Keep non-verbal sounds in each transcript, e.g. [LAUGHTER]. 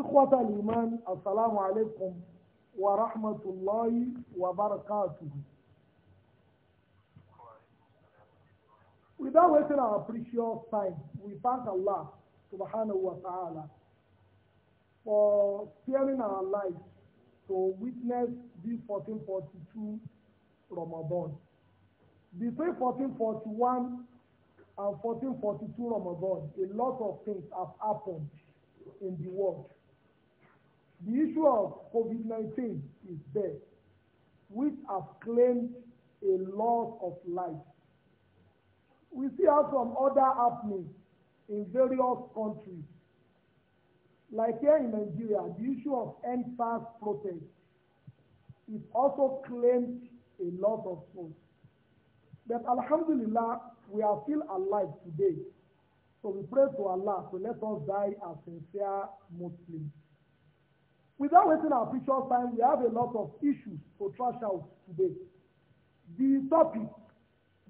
إخوة الإيمان السلام عليكم ورحمة الله وبركاته. Without wasting our precious time, we thank Allah subhanahu wa ta'ala for sparing our lives to witness this 1442 Ramadan. Between 1441 and 1442 Ramadan, a lot of things have happened in the world. The issue of COVID-19 is there, which has claimed a loss of life. We see how some other happenings in various countries. Like here in Nigeria, the issue of NSAS protest is also claimed a lot of souls. But Alhamdulillah, we are still alive today. So we pray to Allah to let us die as sincere Muslims. Without wasting our precious time, we have a lot of issues to trash out today. The topic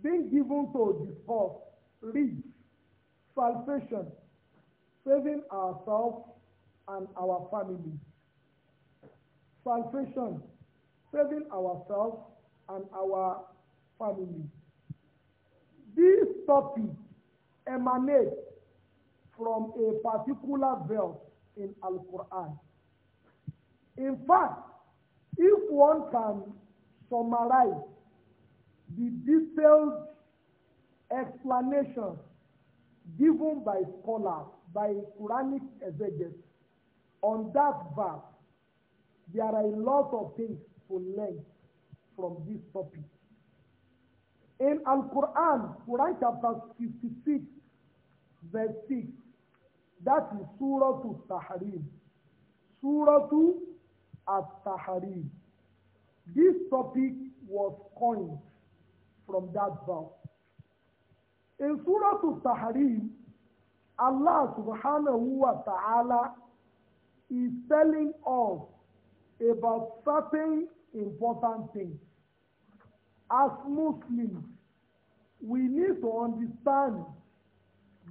being given to discuss reads salvation, saving ourselves and our families. Salvation, saving ourselves and our families. This topic emanates from a particular verse in Al Quran. In fact, if one can summarize the detailed explanation given by scholars, by Quranic exegetes on that verse, there are a lot of things to learn from this topic. In Al-Quran, Quran chapter 56, verse 6, that is Surah to Tahrim, Surah to at-tahrim. This topic was coined from that verse. In Surah At-Tahrim, Allah subhanahu wa ta'ala is telling us about certain important things. As Muslims, we need to understand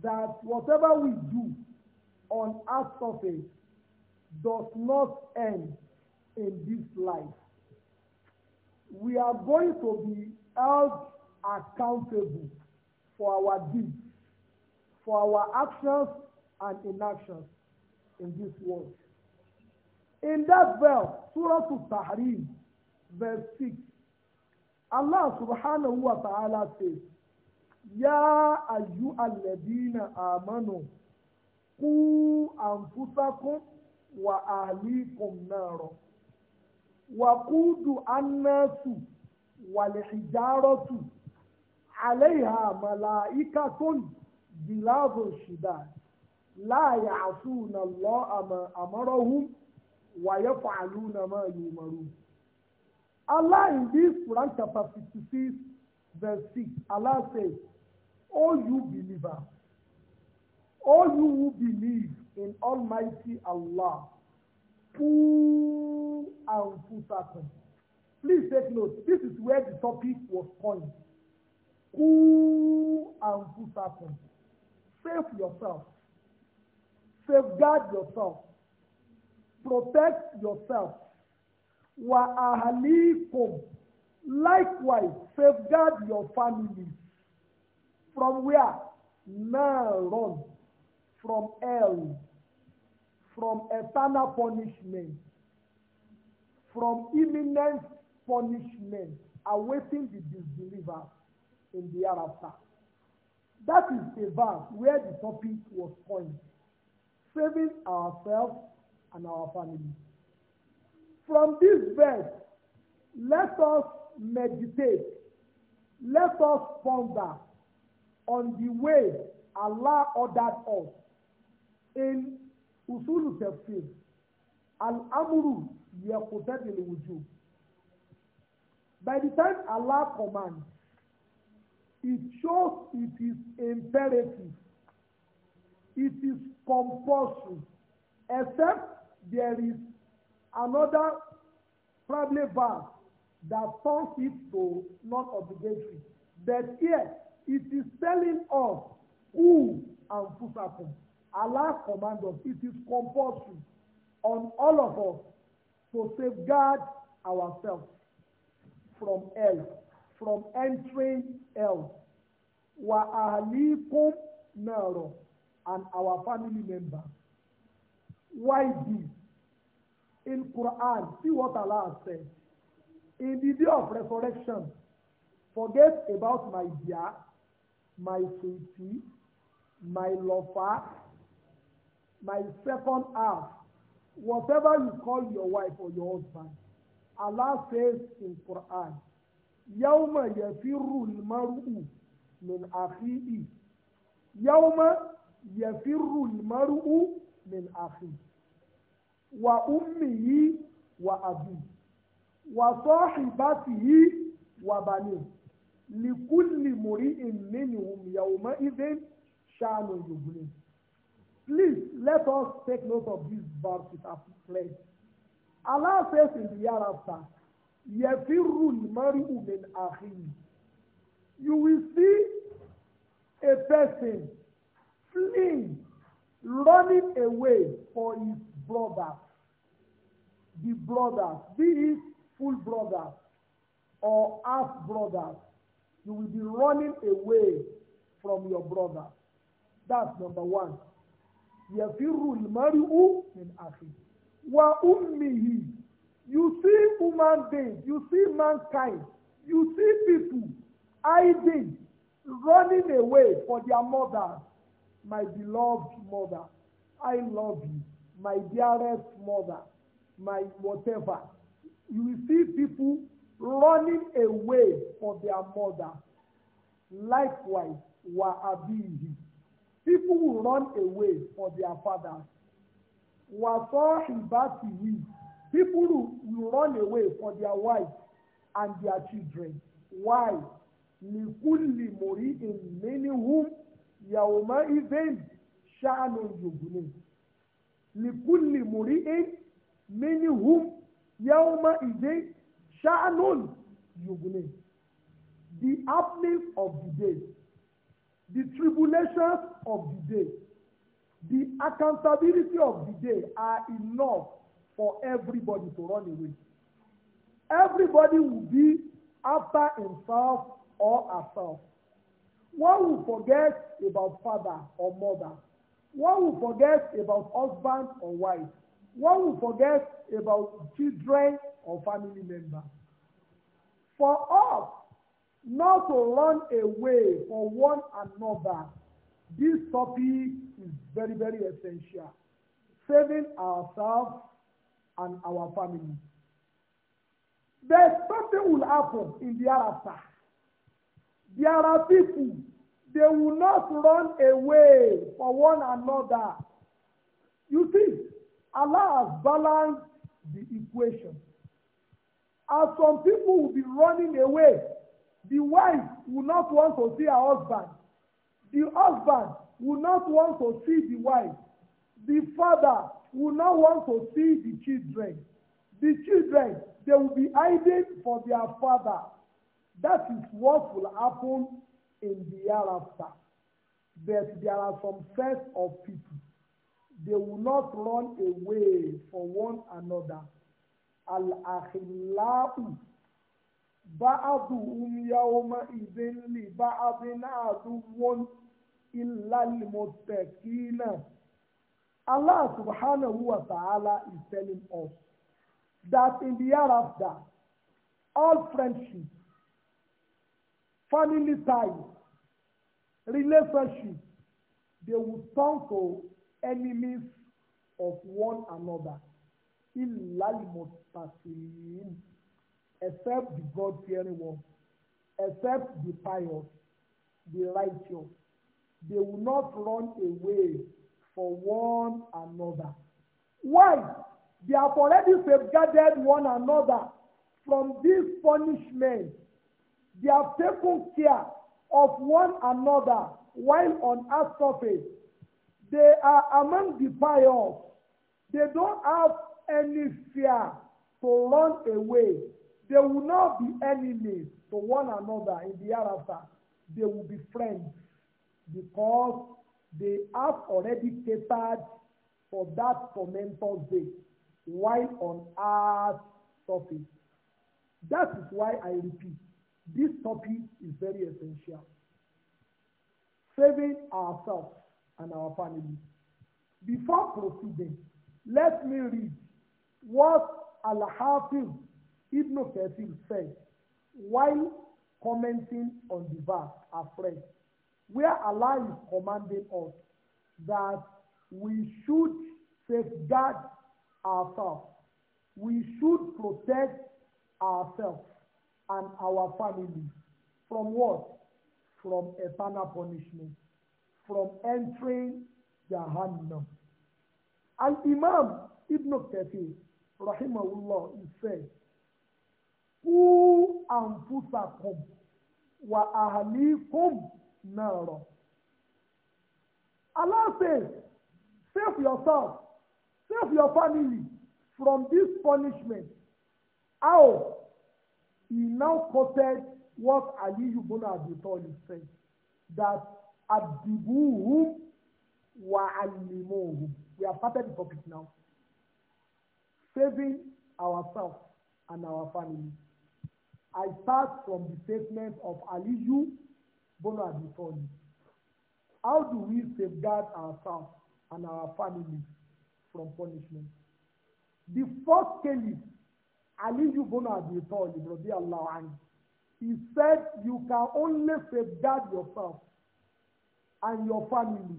that whatever we do on earth surface does not end in this life. We are going to be held accountable for our deeds, for our actions and inactions in this world. In that verse, Surah Al-Tahrim, verse 6, Allah subhanahu wa ta'ala says, Ya ayyuhal ladina amanu qu anfusakum wa ahlikum naro wàkúùdù anásù wàlẹ̀hìjárọ́tù àlẹ́yà màláìka tó gíláàbù ṣìdá láàyà àsùnà lọ àmọ́rọ́hún wàyẹ̀ fàálù nà máa yìí mọ̀rú. Allah in this Quran chapter 56 verse 6, Allah says, O you believer, O you who believe in Almighty Allah, put أنفسكم Please take note, this is where the topic was coined. Ku anfusakum. Save yourself. Safeguard yourself. Protect yourself. Wa ahalikum. Likewise, safeguard your family. From where? Now run. From hell. From eternal punishment from imminent punishment awaiting the disbeliever in the hereafter. That is a verse where the topic was coined, saving ourselves and our families. From this verse, let us meditate, let us ponder on the way Allah ordered us in Usul Tafsir, Al-Amru are yẹkùtẹ́bì lè wùjú. By the time Allah commands, it shows it is imperative, it is compulsory, except there is another probably verse that turns it to not obligatory. But here, it is telling us who and who happen. Allah commands us. It is compulsory on all of us to safeguard ourselves from hell, from entering hell. Wa ahlikum naro and our family member, Why this? In Quran, see what Allah says. In the day of resurrection, forget about my dear, my sweetie, my lover, my second half, whatever you call your wife or your husband, Allah says in Quran, يَوْمَ يَفِرُّ الْمَرْءُ مِنْ أَخِيهِ يَوْمَ يَفِرُّ الْمَرْءُ مِنْ أَخِيهِ وَأُمِّهِ وَأَبِيهِ وَصَاحِبَتِهِ وَبَنِيهِ لِكُلِّ مُرِئٍ مِّنْهُمْ يَوْمَئِذٍ شَأْنٌ يُغْنِيهِ Please let us take note of these verses as pledge. Allah says in the hereafter, Yefirul Mariu min Ahim. You will see a person fleeing, running away for his brother. The brother, be it full brother or half brother, you will be running away from your brother. That's number one yẹ̀fírù ìmọ̀ríwú ní àfi wà ùmí you see human being you see mankind you see people hiding running away for their mother my beloved mother I love you my dearest mother my whatever you see people running away for their mother likewise wà àbí yìí. People will run away for their fathers. Wasọ́ ìbátìwì. People will, run away for their wives and their children. Why? many in Nìkúlì mòrí ìmínihùn yàwòmọ́ ìvẹ́n ṣáàlù yògùnì. Nìkúlì mòrí ìmínihùn yàwòmọ́ ìvẹ́n ṣáàlù yògùnì. The happenings of the day, the tribulations of the day. The accountability of the day are enough for everybody to run away. Everybody will be after himself or herself. One will forget about father or mother. One will forget about husband or wife. One will forget about children or family member. For us not to run away for one another This topic is very, very essential. Saving ourselves and our family. There's something will happen in the hereafter. There are people, they will not run away for one another. You see, Allah has balanced the equation. As some people will be running away, the wife will not want to see her husband The husband will not want to see the wife. The father will not want to see the children. The children, they will be hiding for their father. That is what will happen in the hereafter. But there are some sets of people. They will not run away from one another. Al-Akhilahu. Ba'adu um yawma idin li ba'adin adu one ìlàlìmọ̀tẹ̀kínà. Allah subhanahu wa ta'ala is telling us that in the hereafter, all friendship, family ties, relationship, they will turn to enemies of one another. Ìlàlìmọ̀tẹ̀kínà. Except the God-fearing ones, except the pious, the righteous they will not run away for one another. Why? They have already safeguarded one another from this punishment. They have taken care of one another while on earth surface. They are among the pious. They don't have any fear to run away. They will not be enemies to one another in the hereafter. They will be friends because they have already catered for that tormentor's day while on earth, surface. That is why I repeat, this topic is very essential. Saving ourselves and our family. Before proceeding, let me read what Al-Hafiz Ibn Kathir said while commenting on the verse afresh where Allah is commanding us that we should safeguard ourselves. We should protect ourselves and our families from what? From eternal punishment, from entering Jahannam. And Imam Ibn Kathir, rahimahullah, he said, Ku anfusakum wa ahlikum nara. Allah says, save yourself, save your family from this punishment. How? He now quoted what Ali ibn Abi Talib said, that adibuhum wa alimuhum. We have started the topic now. Saving ourselves and our family. I start from the statement of Ali ibn Bono had before you. How do we safeguard ourselves and our families from punishment? The first caliph, Aliyu Bono Abi Talib, radiallahu anhu, he said, you can only safeguard yourself and your family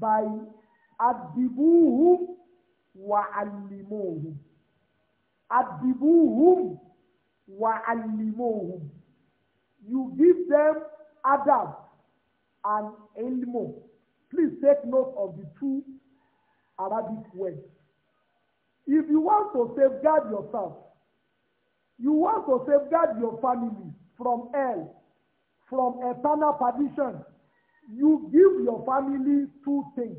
by adibuhum wa alimuhum. Adibuhum wa alimuhum. You give them Adam and Elmo. please take note of the two arabic words if you want to safeguard yourself you want to safeguard your family from hell from eternal perdition you give your family two things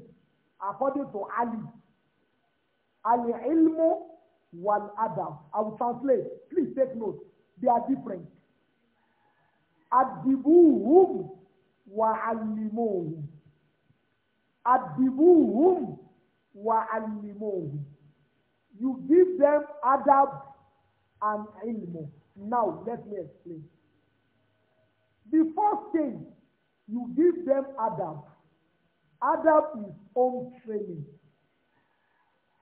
according to ali ali ilmu wal Adam. i will translate please take note they are different adibuhum wà alimuhum adibuhum wa alimuhum you give them adab and ilmu now let me explain the first thing you give them adab adab is home training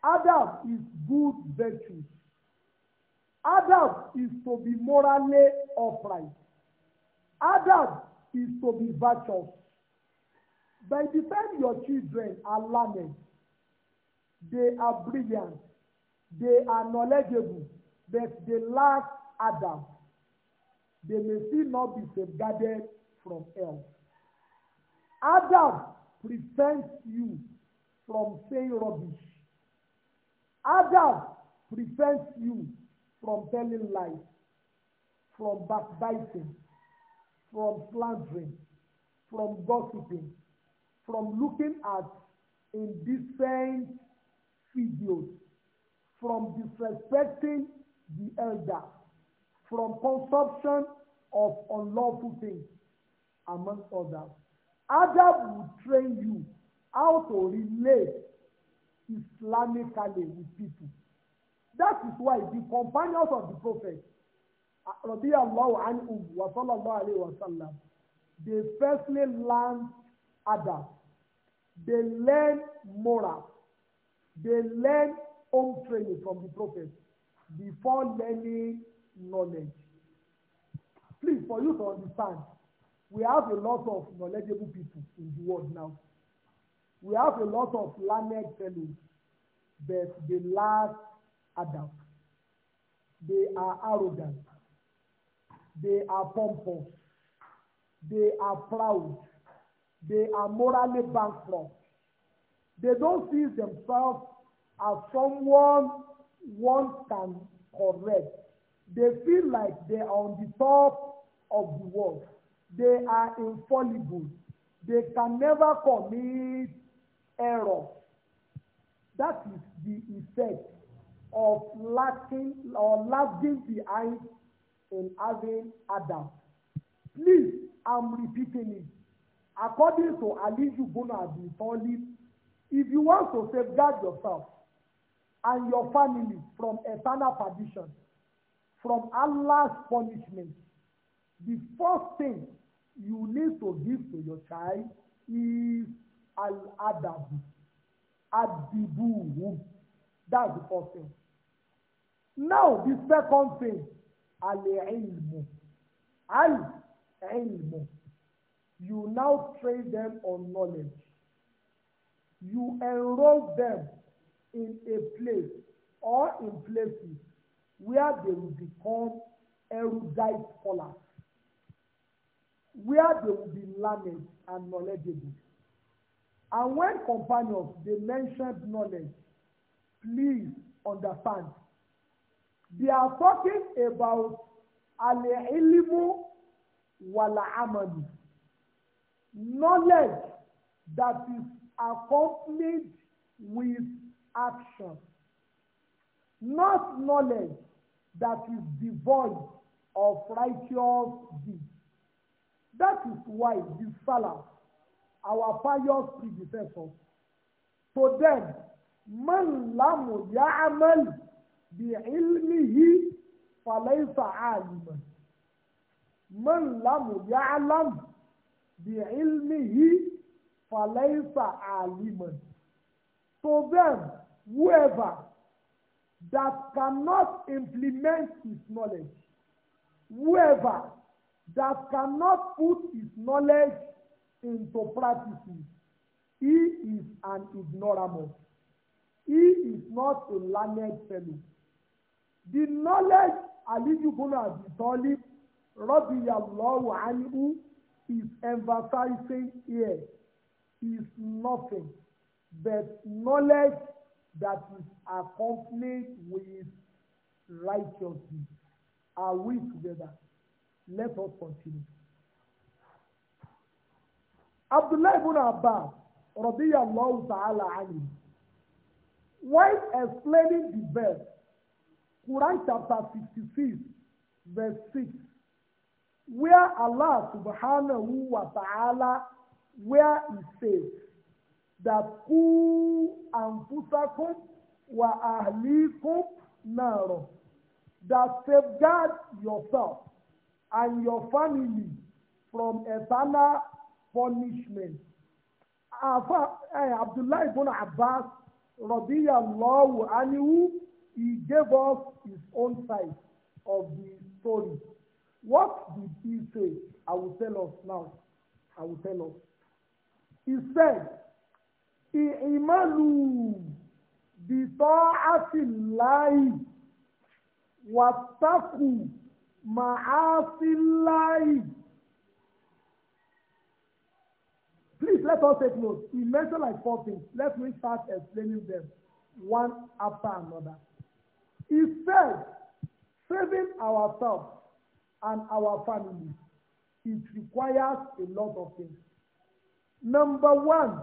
adab is good virtue adab is to be morally upright Adam is to be virtuous. By the time your children are learning, they are brilliant, they are knowledgeable, but they lack Adam, They may still not be safeguarded from else. Adam prevents you from saying rubbish. Adam prevents you from telling lies, from backbiting, from slandering, from gossiping, from looking at indecent videos, from disrespecting the elder, from consumption of unlawful things, among others. Adab will train you how to relate Islamically with people. That is why the companions of the prophet radiyallahu anhu wa sallallahu alayhi wa sallam they firstly learn adab they learn moral they learn home training from the prophet before learning knowledge please for you to understand we have a lot of knowledgeable people in the world now we have a lot of learned fellows but they lack adapt they are arrogant They are pompous. They are proud. They are morally bankrupt. They don't see themselves as someone one can correct. They feel like they are on the top of the world. They are infallible. They can never commit error. That is the effect of lacking or lagging behind in having Adam. Please, I'm repeating it. According to Aliyu Bona Abi if you want to safeguard yourself and your family from eternal perdition, from Allah's punishment, the first thing you need to give to your child is al adab adibu. That's the first thing. Now, the second thing al-ilmu. Al-ilmu. You now train them on knowledge. You enroll them in a place or in places where they will become erudite scholars, where they will be learned and knowledgeable. And when companions, they mentioned knowledge, please understand They are talking about al-ilmu wal-amalu. Knowledge that is accompanied with action. Not knowledge that is devoid of righteous deeds. That is why the Salaf, our pious predecessors, to them, man lamu ya'amal bìílmìhì fàlẹ́sà àlùmọ̀ mọ́n lámù yá álámù bìílmìhì fàlẹ́sà àlùmọ̀ so then whoever that cannot implement his knowledge whoever that cannot put his knowledge into practice, he is an ignoramus he is not a learned fellow the knowledge aliyu bin abi talib radiyallahu anhu is emphasizing here is nothing but knowledge that is accompanied with righteousness. Are we together? Let us continue. Abdullah ibn Abbas, radiyallahu ta'ala anhu, while explaining the verse, Quran chapter 56 verse 6 where Allah subhanahu wa ta'ala where he says that ku anfusakum wa ahlikum naro that safeguard yourself and your family from eternal punishment. Afa eh, Abdullahi ibn Abbas radiyallahu anhu He gave us his own side of the story. What did he say? I will tell us now. I will tell us. He said, I'malu bita'atillahi wattaku ma'asillahi. Please let us take note. He mentioned like four things. Let me start explaining them one after another. He said, saving ourselves and our families, it requires a lot of things. Number one,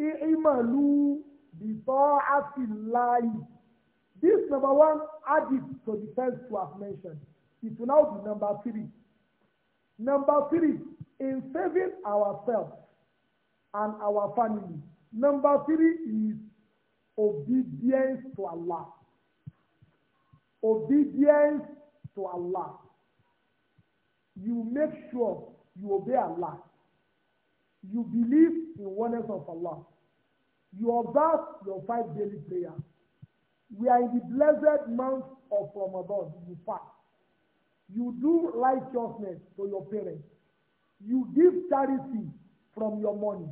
i'malu bi ta'atillahi. This number one added to the first two I've mentioned. It will now be number three. Number three, in saving ourselves and our family. Number three is obedience to Allah obedience to Allah you make sure you obey Allah you believe in oneness of Allah you observe your five daily prayer we are in the blessed month of Ramadan you fast you do righteousness to your parents you give charity from your money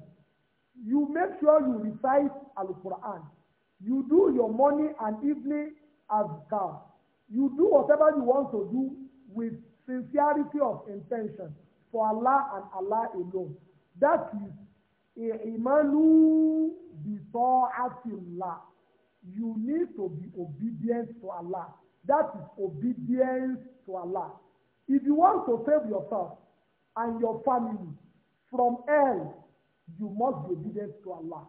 you make sure you recite Al-Quran you do your morning and evening as God. You do whatever you want to do with sincerity of intention for Allah and Allah alone. That is Imanu Bito'atillah. You need to be obedient to Allah. That is obedience to Allah. If you want to save yourself and your family from hell, you must be obedient to Allah.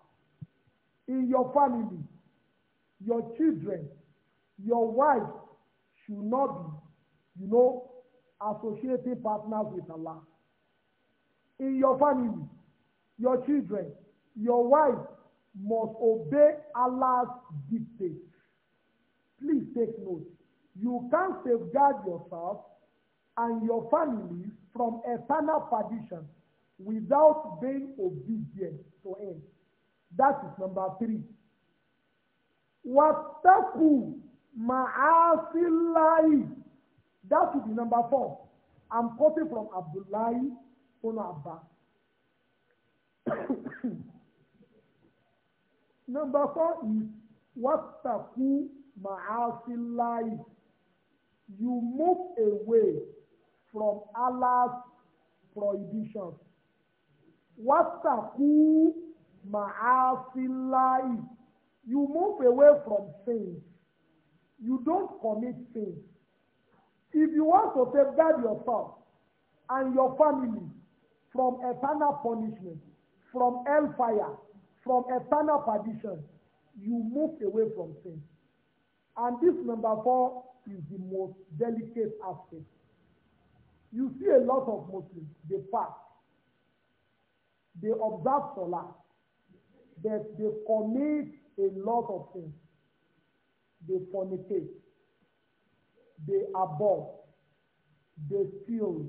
In your family, your children, your wife, should not be, you know, associating partners with Allah. In your family, your children, your wife must obey Allah's dictates. Please take note. You can safeguard yourself and your family from eternal perdition without being obedient to him. That is number three. Wataku Ma'asillahi. That should be number four. I'm quoting from Abdullahi Ono Abba. [COUGHS] number four is Wattaku Ma'asillahi. You move away from Allah's prohibition. Wattaku Ma'asillahi. You move away from things you don't commit sin. If you want to safeguard yourself and your family from eternal punishment, from hellfire, from eternal perdition, you move away from sin. And this number four is the most delicate aspect. You see a lot of Muslims, they fast, they observe Salah, that they commit a lot of sins they fornicate, they abort, they steal,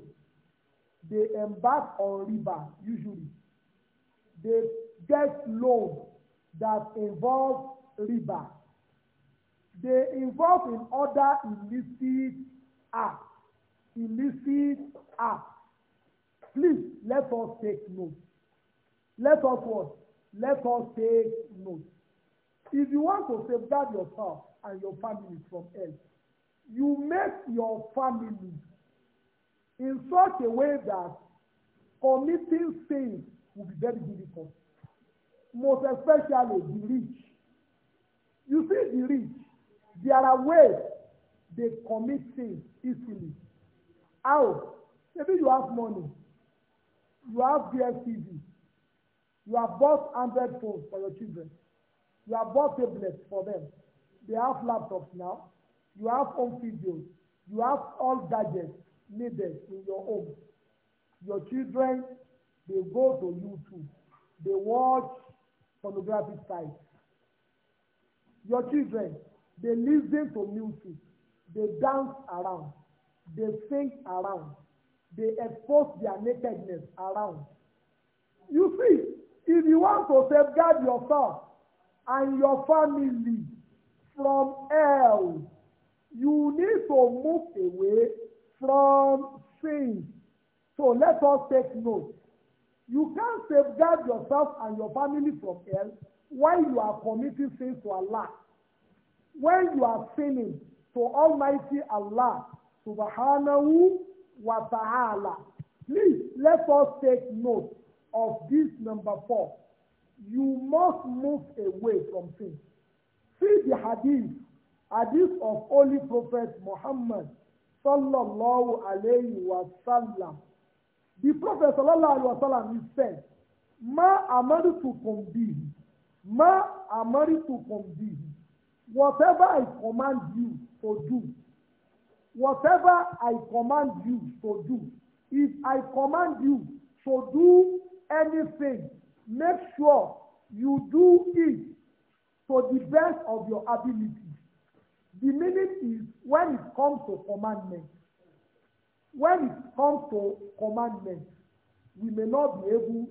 they embark on river usually, they get loans that involve river, they involve in other illicit acts, illicit acts. Please let us take note. Let us what? Let us take note. If you want to safeguard yourself, and your family from hell. You make your family in such a way that committing sins will be very difficult. Most especially the rich. You see the rich, there are ways they commit sins easily. How? Maybe you have money, you have DSTV, you have bought 100 phones for your children, you have bought tablets for them, They have laptops now. You have home videos. You have all gadgets needed in your home. Your children, they go to YouTube. They watch pornographic sites. Your children, they listen to music. They dance around. They sing around. They expose their nakedness around. You see, if you want to safeguard yourself and your family, from hell. You need to move away from sin. So let us take note. You can't safeguard yourself and your family from hell while you are committing sins to Allah. When you are sinning to Almighty Allah, subhanahu wa ta'ala. Please let us take note of this number four. You must move away from sin see the hadith hadith of holy prophet muhammad sallallahu alayhi wa sallam the prophet sallallahu alayhi wa sallam he said ma amaritu kumbi ma amaritu kumbi whatever i command you to do whatever i command you to do if i command you to do anything make sure you do it to the best of your ability. The meaning is when it comes to commandment, when it comes to commandment, we may not be able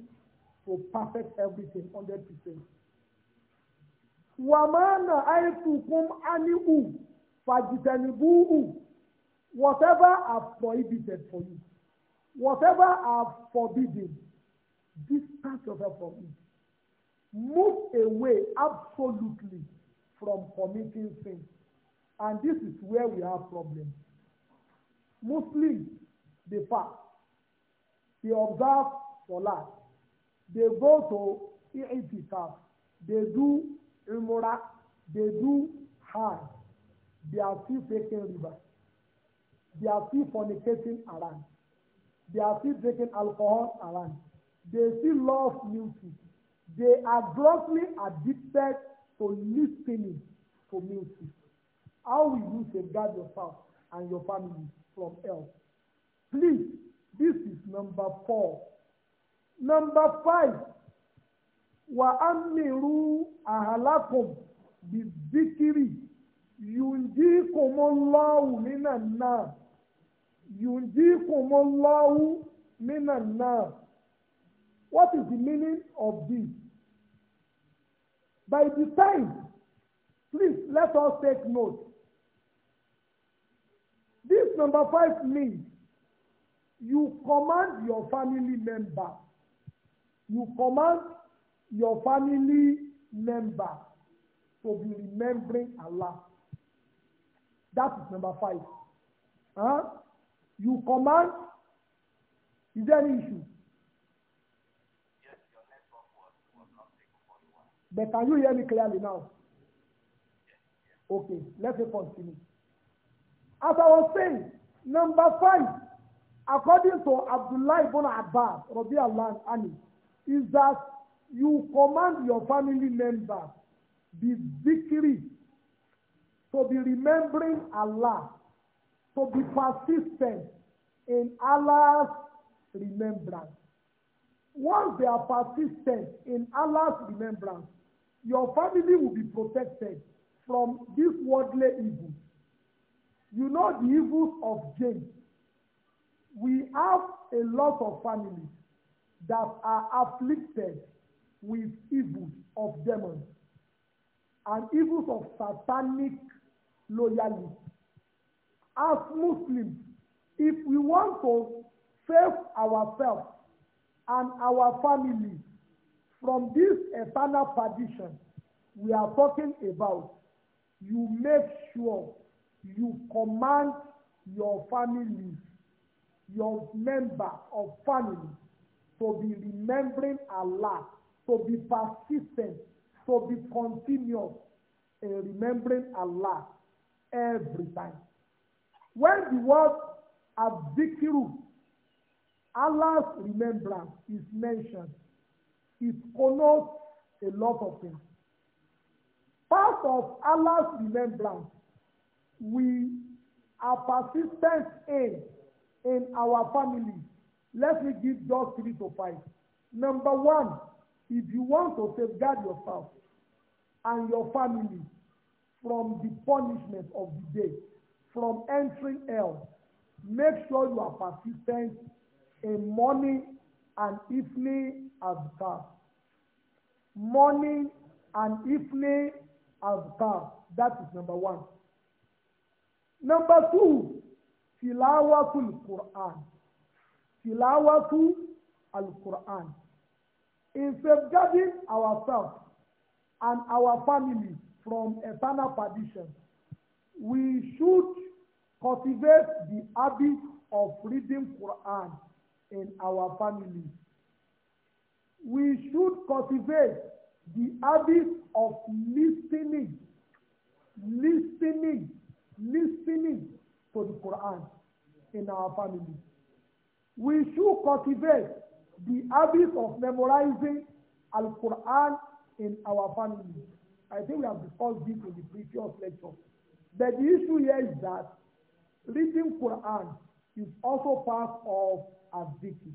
to perfect everything 100%. Wàmánà àìsùnkún áníhù fàjìtẹ̀nìbúhù whatever I've prohibited for you, whatever I've forbidden, distance yourself from it. Move away absolutely from committing sin. And this is where we have problems. Muslims, they fast. They observe for Salah. They go to Itikaf. They do Umrah. They do Hajj. They are still taking riba. They are still fornicating around. They are still taking alcohol around. They still love music They are grossly addicted to listening to music. How will you safeguard yourself and your family from hell? Please, this is number four. Number five, bi zikiri أَهْلَكُمْ بِالذِّكْرِ lawu اللَّهُ na النَّارِ يُنْجِيكُمُ lawu مِنَ na. What is the meaning of this? By the time, please let us take note. This number five means you command your family member. You command your family member to be remembering Allah. That is number five. Huh? You command. Is there any issue? But can you hear me clearly now? Okay, let me continue. As I was saying, number five, according to Abdullah ibn Abbas, Rabbi Allah Ani, is that you command your family members be zikri, to be remembering Allah, to be persistent in Allah's remembrance. Once they are persistent in Allah's remembrance, your family will be protected from this worldly evil. You know the evils of James. We have a lot of families that are afflicted with evils of demons and evils of satanic loyalty. As Muslims, if we want to save ourselves and our families From this eternal tradition, we are talking about, you make sure you command your family, your member of family to be remembering Allah, to be persistent, to be continuous in remembering Allah every time. When the word abdikiru, Allah's remembrance is mentioned, it connotes a lot of things. Part of Allah's remembrance, we are persistent in in our family. Let me give just three to five. Number one, if you want to safeguard yourself and your family from the punishment of the day, from entering hell, make sure you are persistent in morning and evening azkar morning and evening azkar that is number one number two tilawatul quran tilawatul quran in safeguarding ourselves and our family from eternal perdition we should cultivate the habit of reading quran in our families we should cultivate the habit of listening listening listening to the Quran in our family we should cultivate the habit of memorizing Al Quran in our family I think we have discussed this in the previous lecture but the issue here is that reading Quran is also part of a zikr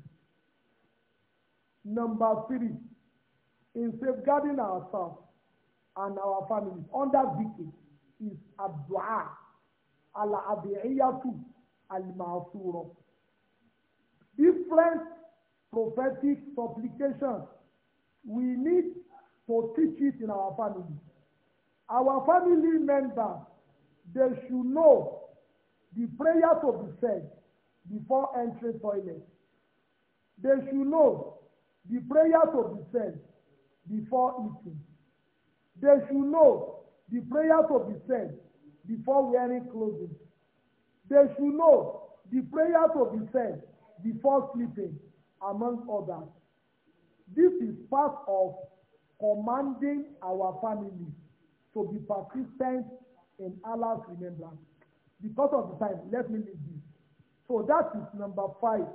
Number three, in safeguarding ourselves and our families under dhikr is addu'a ala abiyatu al-ma'sura. Different prophetic supplications we need to teach it in our family. Our family members, they should know the prayer to be said before entering toilet. They should know the prayers of be said before eating. They should know the prayers of be said before wearing clothing. They should know the prayers of be said before sleeping, among others. This is part of commanding our families to be persistent in Allah's remembrance. Because of the time, let me leave this. So that is number five.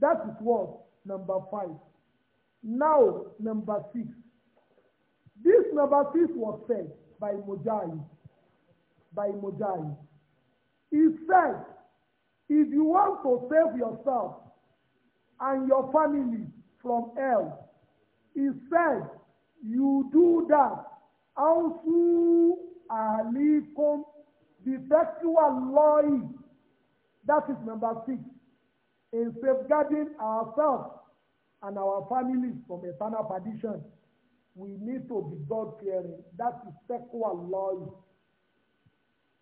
That is what? Number five. Now, number six. This number six was said by Mujahid. By Mujahid. He said, if you want to save yourself and your family from hell, he said, you do that. Also, alikum bifekiwa loi. That is number six. In safeguarding ourselves and our families from eternal perdition. We need to be God fearing. That is sexual law.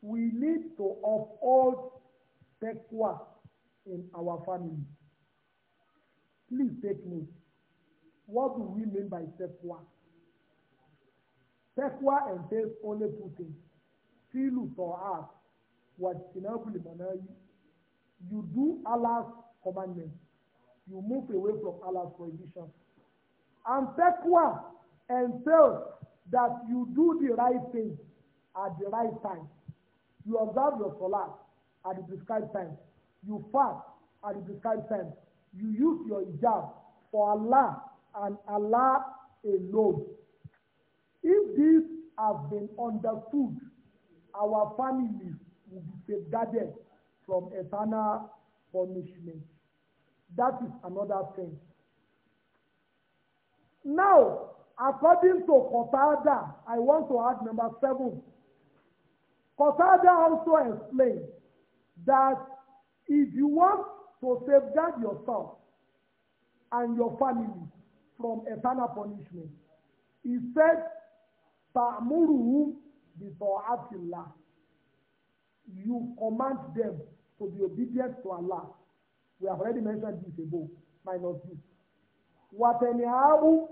We need to uphold sexual in our family. Please take note. What do we mean by sexual? Sexual entails only two things. Filu or art, what in You do Allah's commandments you move away from Allah's prohibition. And taqwa entails that you do the right thing at the right time. You observe your salah at the prescribed time. You fast at the prescribed time. You use your hijab for Allah and Allah alone. If this has been understood, our families will be safeguarded from eternal punishment. That is another thing. Now, according to Kotada, I want to add number seven. Kotada also explained that if you want to safeguard yourself and your family from eternal punishment, he said, Ta'muruhum bita'atillah. You command them to be obedient to Allah we have already mentioned this above minus this watanihahu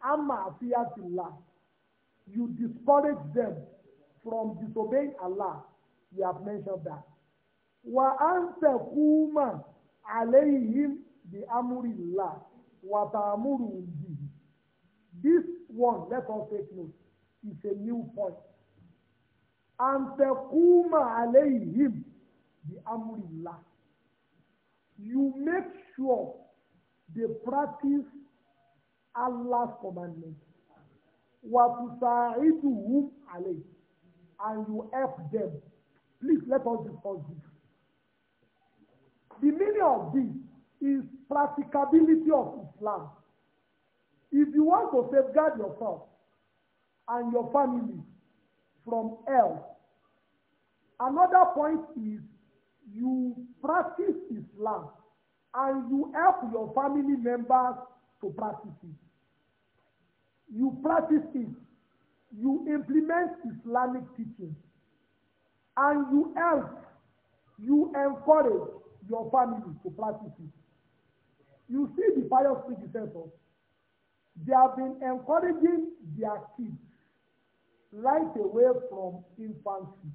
amafiatillah you discourage them from disobeying Allah we have mentioned that wa antakuma alayhim bi amurillah wa ta'muru bihi this one let us take note is a new point antakuma alayhim bi amurillah you make sure they practice Allah's commandment watusa'iduhum alayh and you help them please let us discuss this the meaning of this is practicability of Islam if you want to safeguard yourself and your family from hell another point is you practice Islam and you help your family members to practice it. You practice it. You implement Islamic teaching. And you help, you encourage your family to practice it. You see the pious predecessors. They have been encouraging their kids right away from infancy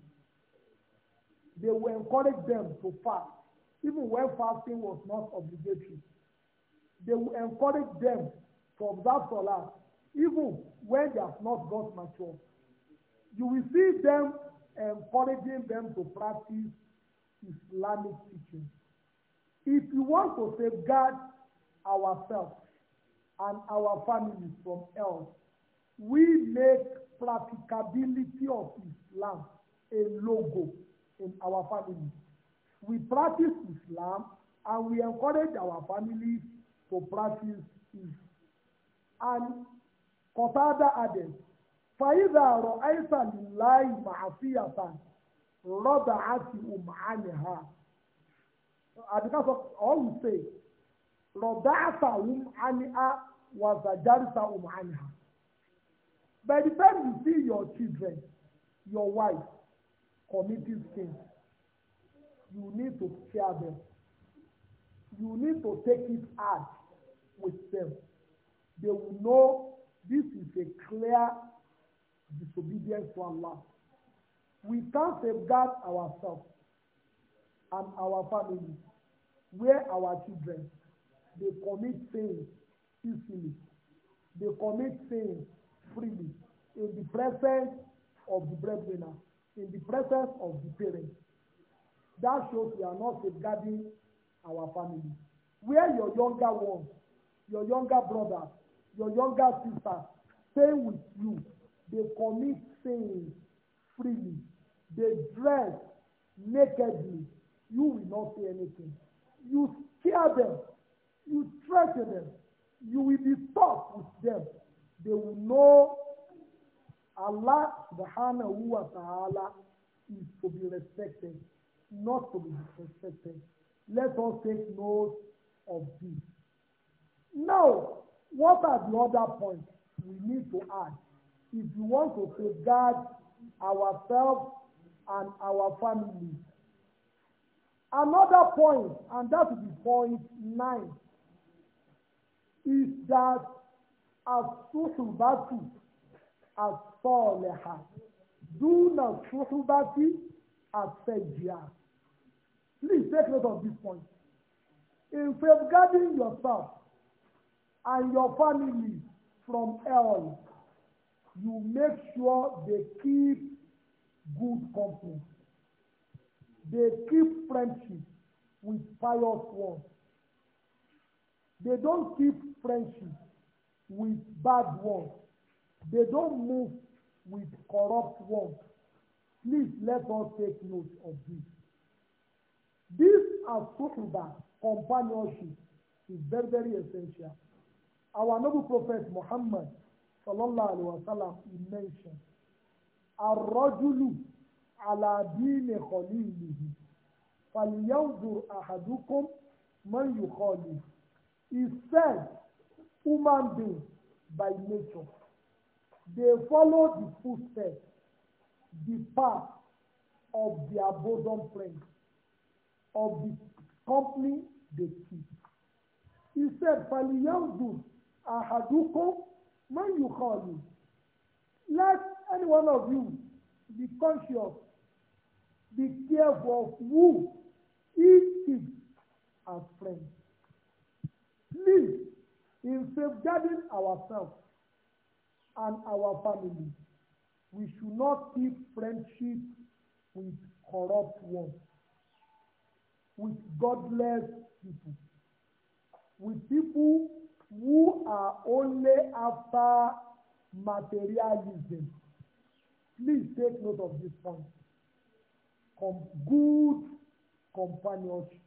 they will encourage them to fast, even when fasting was not obligatory. They will encourage them to observe Salah, even when they have not got mature. You will see them encouraging them to practice Islamic teaching. If you want to safeguard ourselves and our families from hell, we make practicability of Islam a logo in our family. We practice Islam and we encourage our families to practice Islam. And Qatada added, فَإِذَا رَأَيْتَ لِلَّهِ مَعْصِيَةً رَضَعَتِهُمْ And Because of all we say, رَضَعَتَهُمْ عَنْهَا وَزَجَرْتَهُمْ عَنْهَا By the time you see your children, your wife, Committing sins, you need to share them you need to take it hard with them they will know this is a clear disobedience to Allah we can safeguard ourselves and our family where our children they commit sins easily they commit sins freely in the presence of the breadwinner in the presence of the parents. That shows we are not safeguarding our family. Where your younger ones, your younger brothers, your younger sisters stay with you, they commit sins freely, they dress nakedly, you will not say anything. You scare them, you threaten them, you will be tough with them. They will know Allah subhanahu wa ta'ala is to be respected, not to be disrespected. Let us take note of this. Now, what are the other points we need to add if we want to safeguard ourselves and our families? Another point, and that is point nine, is that as social battle àtọ̀ọ̀lẹ̀hà dúnà túnbátí àfẹ̀jìà. Please take note of this point. In safeguarding yourself and your family from hell, you make sure they keep good company. They keep friendship with pious ones. They don't keep friendship with bad ones. They don't move with corrupt ones. Please let us take note of this. This as suhba, companionship, is very, very essential. Our noble prophet Muhammad, sallallahu alaihi wasallam, he mentioned, الرجل على دين خليله فلينظر أحدكم من يخالف. He said, human being by nature They follow the footsteps, the path of their bosom friend, of the company they keep. He said, فَلْيَنْظُرْ you call يُخَالِفُ Let any one of you be conscious, be careful of who he keeps as friends. Please, in safeguarding ourselves, and our family. We should not keep friendship with corrupt ones, with godless people, with people who are only after materialism. Please take note of this point. Com good companionship.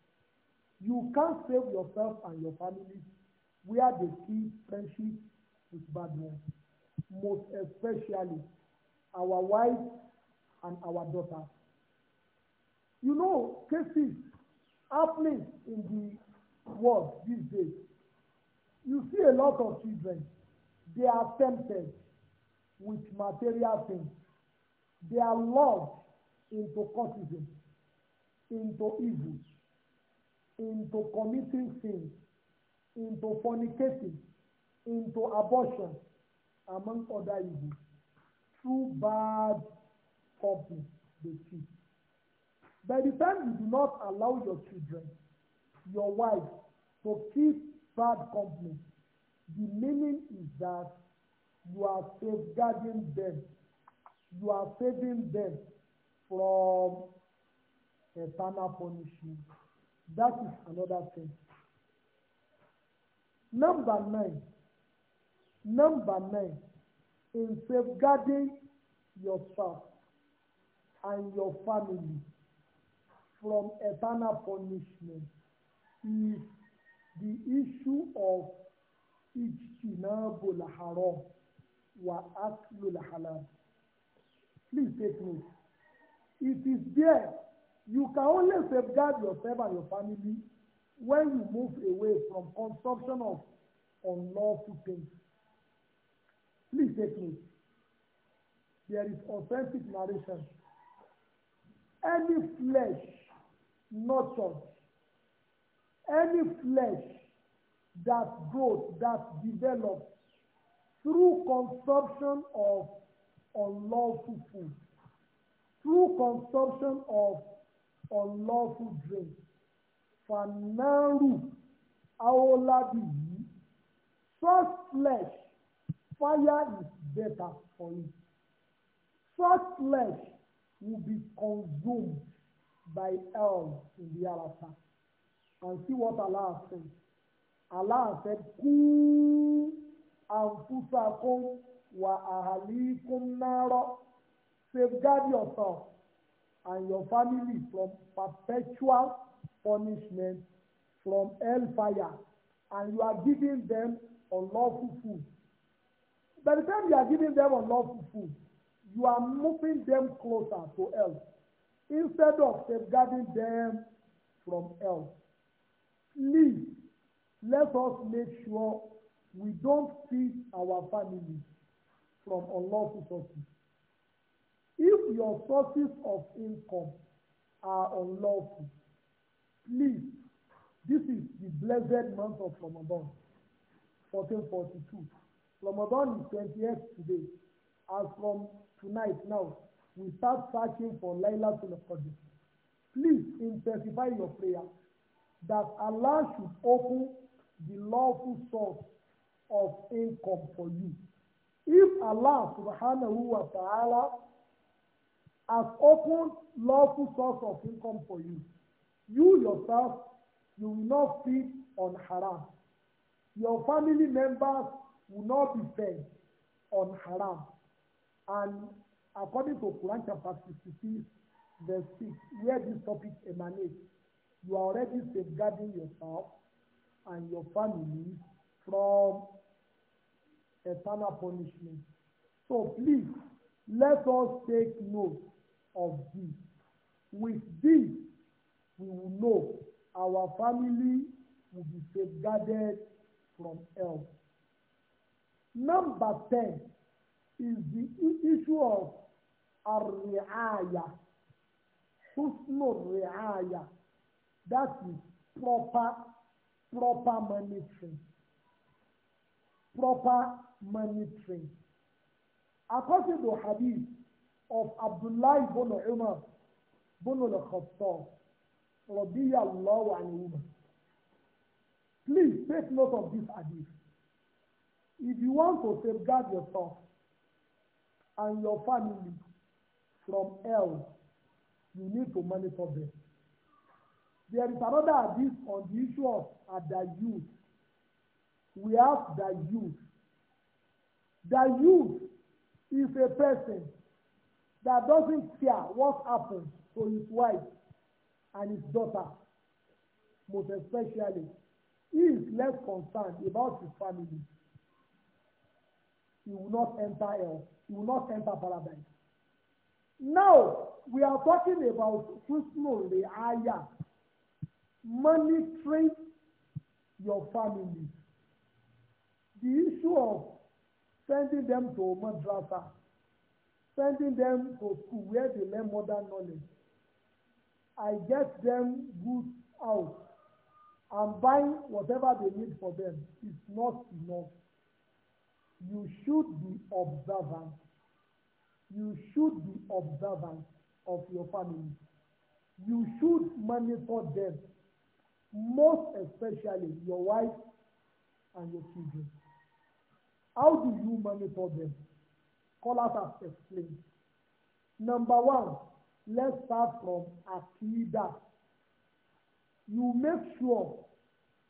You can't save yourself and your family where they keep friendship with bad ones most especially our wives and our daughters. You know, cases happening in the world these days. You see a lot of children, they are tempted with material things. They are lured into cultism, into evil, into committing sins, into fornicating, into abortion, among other evils through bad company they keep. By the time you do not allow your children, your wife, to keep bad company, the meaning is that you are safeguarding them. You are saving them from eternal punishment. That is another thing. Number nine. Number nine, in safeguarding yourself and your family from eternal punishment is the issue of ijtinabu laharam wa aklu lahalal. Please take note. It is there. You can only safeguard yourself and your family when you move away from consumption of unlawful things. Please take me. There is authentic narration. Any flesh not nurtured, any flesh that grows, that develops through consumption of unlawful food, through consumption of unlawful drink, fanaru aolabi, such flesh fire is better for it. Such flesh will be consumed by hell in the hereafter. And see what Allah said. Allah said, Kú àǹfùsàkún wa ahalikum nárọ̀. Safeguard yourself and your family from perpetual punishment from hellfire. And you are giving them unlawful food. By the time you are giving them unlawful food, you are moving them closer to hell instead of safeguarding them from hell. Please, let us make sure we don't feed our families from unlawful sources. If your sources of income are unlawful, please, this is the blessed month of Ramadan, 1442. Ramadan is twenty today As from tonight now we start searching for Laylatul Qadr. Please intensify your prayer that Allah should open the lawful source of income for you. If Allah subhanahu wa ta'ala has opened lawful source of income for you, you yourself, you will not feed on haram. Your family members will not be fed on haram. And according to Quran chapter 66, verse 6, where this topic emanates, you are already safeguarding yourself and your family from eternal punishment. So please, let us take note of this. With this, we will know our family will be safeguarded from hell. Number 10 is the issue of arri'aya, husnul ri'aya, that is proper, proper monitoring. Proper monitoring. According to hadith of Abdullah ibn Umar, ibn al-Khattab, radiyallahu anhu. Please take note of this hadith. If you want to safeguard yourself and your family from hell, you need to monitor them. There is another abuse on the issue of adayud. We have dayud. Dayud is a person that doesn't care what happens to his wife and his daughter, most especially. He is less concerned about his family you will not enter hell. You will not enter paradise. Now, we are talking about Husnul Ayah, monitoring your family. The issue of sending them to madrasa, sending them to school where they learn modern knowledge. I get them good out. and buy whatever they need for them. It's not enough you should be observant you should be observant of your family you should monitor them most especially your wife and your children how do you monitor them scholars have explained number one let's start from akida you make sure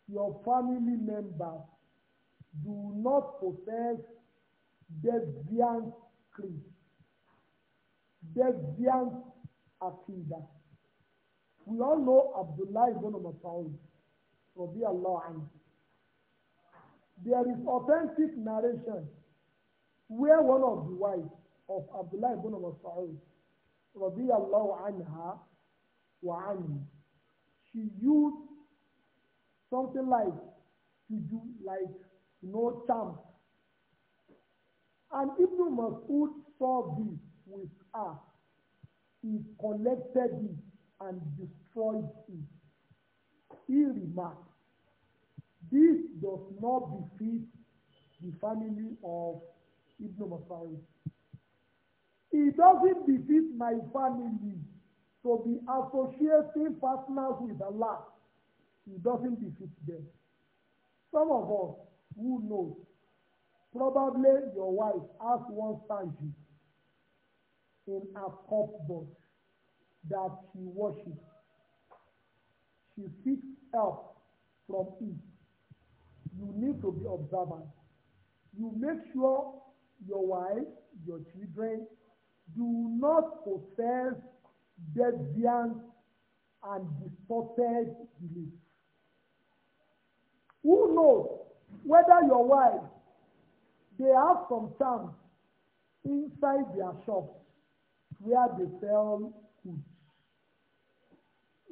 your family members do not possess deviant creed, deviant akida. We all know Abdullah ibn Mas'ud, Rabbi Allah There is authentic narration where one of the wives of Abdullah ibn Mas'ud, Rabbi Allah anha, wa anhu, she used something like to do like no charm. And if Ibn Masud saw this with her. He collected it and destroyed it. He remarked, This does not defeat the family of Ibn Masud. It doesn't defeat my family to be associating partners with Allah. It doesn't defeat them. Some of us, who knows probably your wife has one statue in her cupboard that she washes she seeks help from it you need to be observant you make sure your wife your children do not possess deviant and distorted beliefs who knows whether your wife they have some terms inside their shop where they sell food.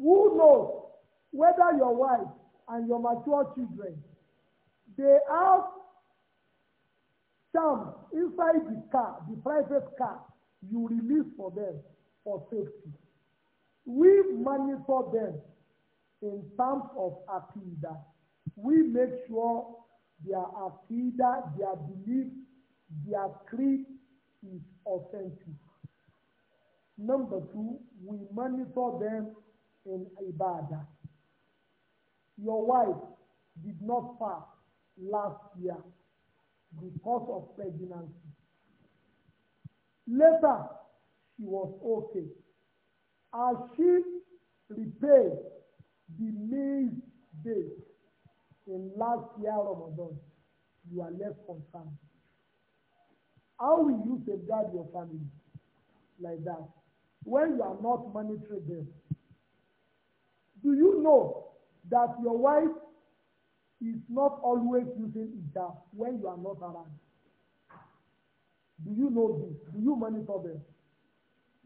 Who knows whether your wife and your mature children they have terms inside the car, the private car you release for them for safety. We monitor them in terms of appeal. We make sure their afida their belief their creed is authentic. Number two, we monitor them in ibadah. Your wife did not pass last year because of pregnancy. Later, she was okay. As she repaid the missed date in last year Ramadan, you are left concerned. How will you safeguard your family like that when you are not monitoring them? Do you know that your wife is not always using hijab when you are not around? Do you know this? Do you monitor them?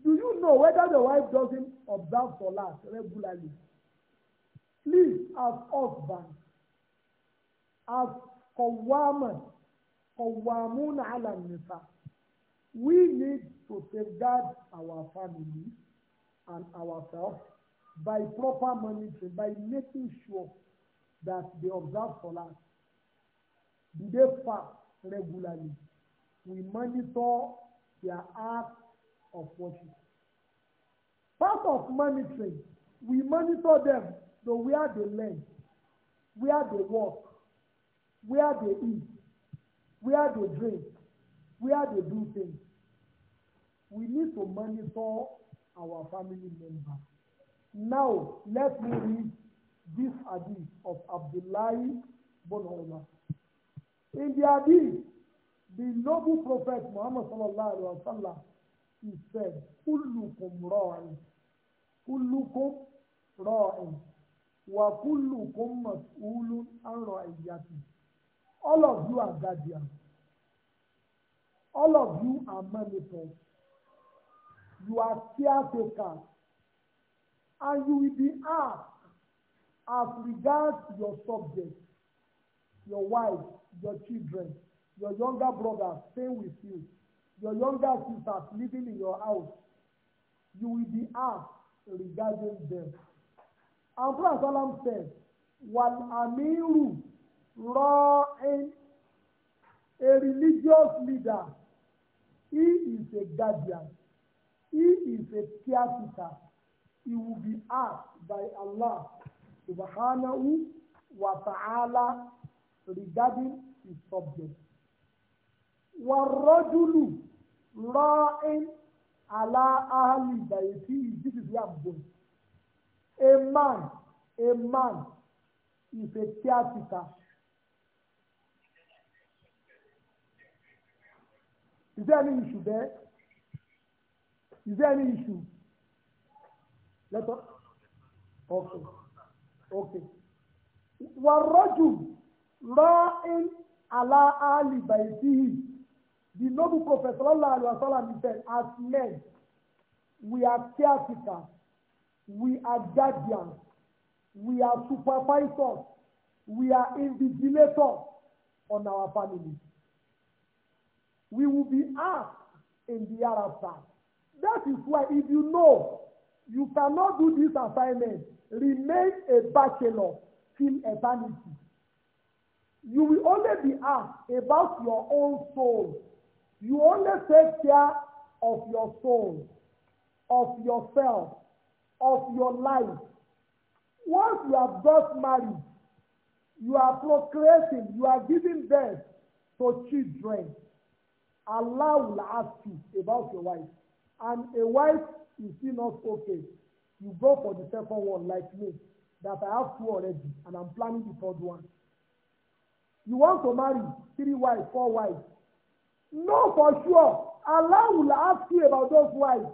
Do you know whether the wife doesn't observe for last regularly? Please, as husbands, As qawwaman qawwamuna ala nisa we need to safeguard our family and ourselves by proper management by making sure that they observe solar do they fast regularly we monitor their act of worship part of monitoring we monitor them to where they learn where they work where they eat where they drink where they do things we need to monitor our family members. Now, let me read this hadith of Abdullah Bonhola. In the hadith, the noble prophet Muhammad sallallahu alaihi wasallam he said, "Kullukum ra'in, kullukum ra'in, wa kullukum mas'ulun an ra'iyati." All of you are guardians. All of you are managers. You are caretakers. And you will be asked as regards your subjects, your wife, your children, your younger brother staying with you, your younger sisters living in your house. You will be asked regarding them. And Prophet Salam said, Wal Amiru Ra'in, a religious leader. He is a guardian. He is a caretaker. He will be asked by Allah subhanahu wa ta'ala regarding his subject. Warrajulu ra'in ala ahli baytihi. This is where I'm going. A man, a man is a caretaker. Is there any issue there? Is there any issue? Let us. Okay. Okay. Warrajul ra'in ala ali baitihi. The noble prophet sallallahu alaihi wasallam said, as men, we are caretakers, we are guardians, we are supervisors, we are invigilators on our families we will be asked in the hereafter. That is why if you know you cannot do this assignment, remain a bachelor till eternity. You will only be asked about your own soul. You only take care of your soul, of yourself, of your life. Once you have got married, you are procreating, you are giving birth to children. Allah will ask you about your wife. And a wife is still not okay. You go for the second one like me that I have two already and I'm planning the third one. You want to marry three wives, four wives. No, for sure. Allah will ask you about those wives.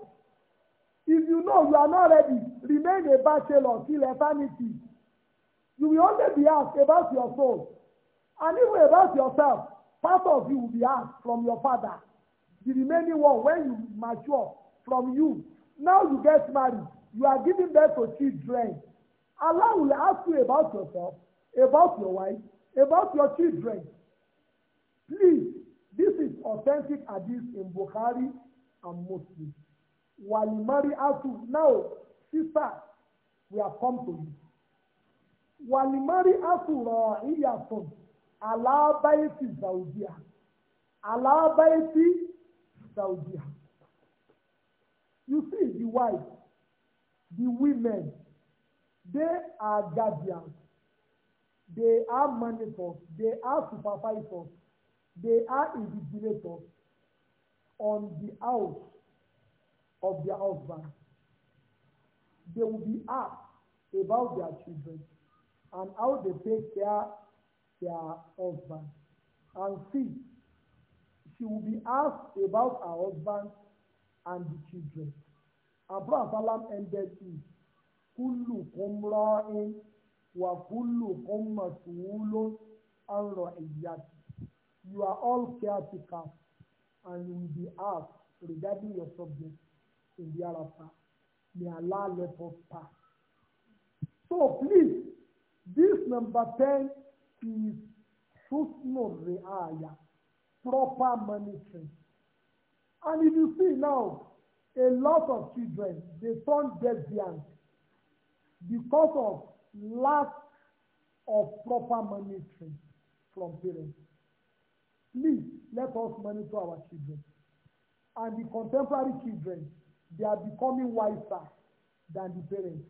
If you know you are not ready, remain a bachelor till eternity. You will only be asked about your soul and even about yourself. Part of you will be asked from your father. The remaining one, when you mature, from you. Now you get married. You are giving birth to children. Allah will ask you about yourself, about your wife, about your children. Please, this is authentic hadith in Bukhari and Muslim. Walimari asu. Now, sister, we have come to you. Walimari Atu Ra'iyatun aláàbáyétì zàwùjíà aláàbáyétì zàwùjíà you see the wives the women they are guardians they are managers. they are supervisors they are invigilators on the house of their husband they will be asked about their children and how they take care their husband and see she will be asked about her husband and the children and prophet salam ended it kullukum ra'in wa kullukum mas'ulun an ra'iyati you are all caretakers and you will be asked regarding your subject in the hereafter may Allah let us pass so please this number ten is husnul riaya, proper monitoring. And if you see now, a lot of children, they turn deviant because of lack of proper monitoring from parents. Please, let us monitor our children. And the contemporary children, they are becoming wiser than the parents.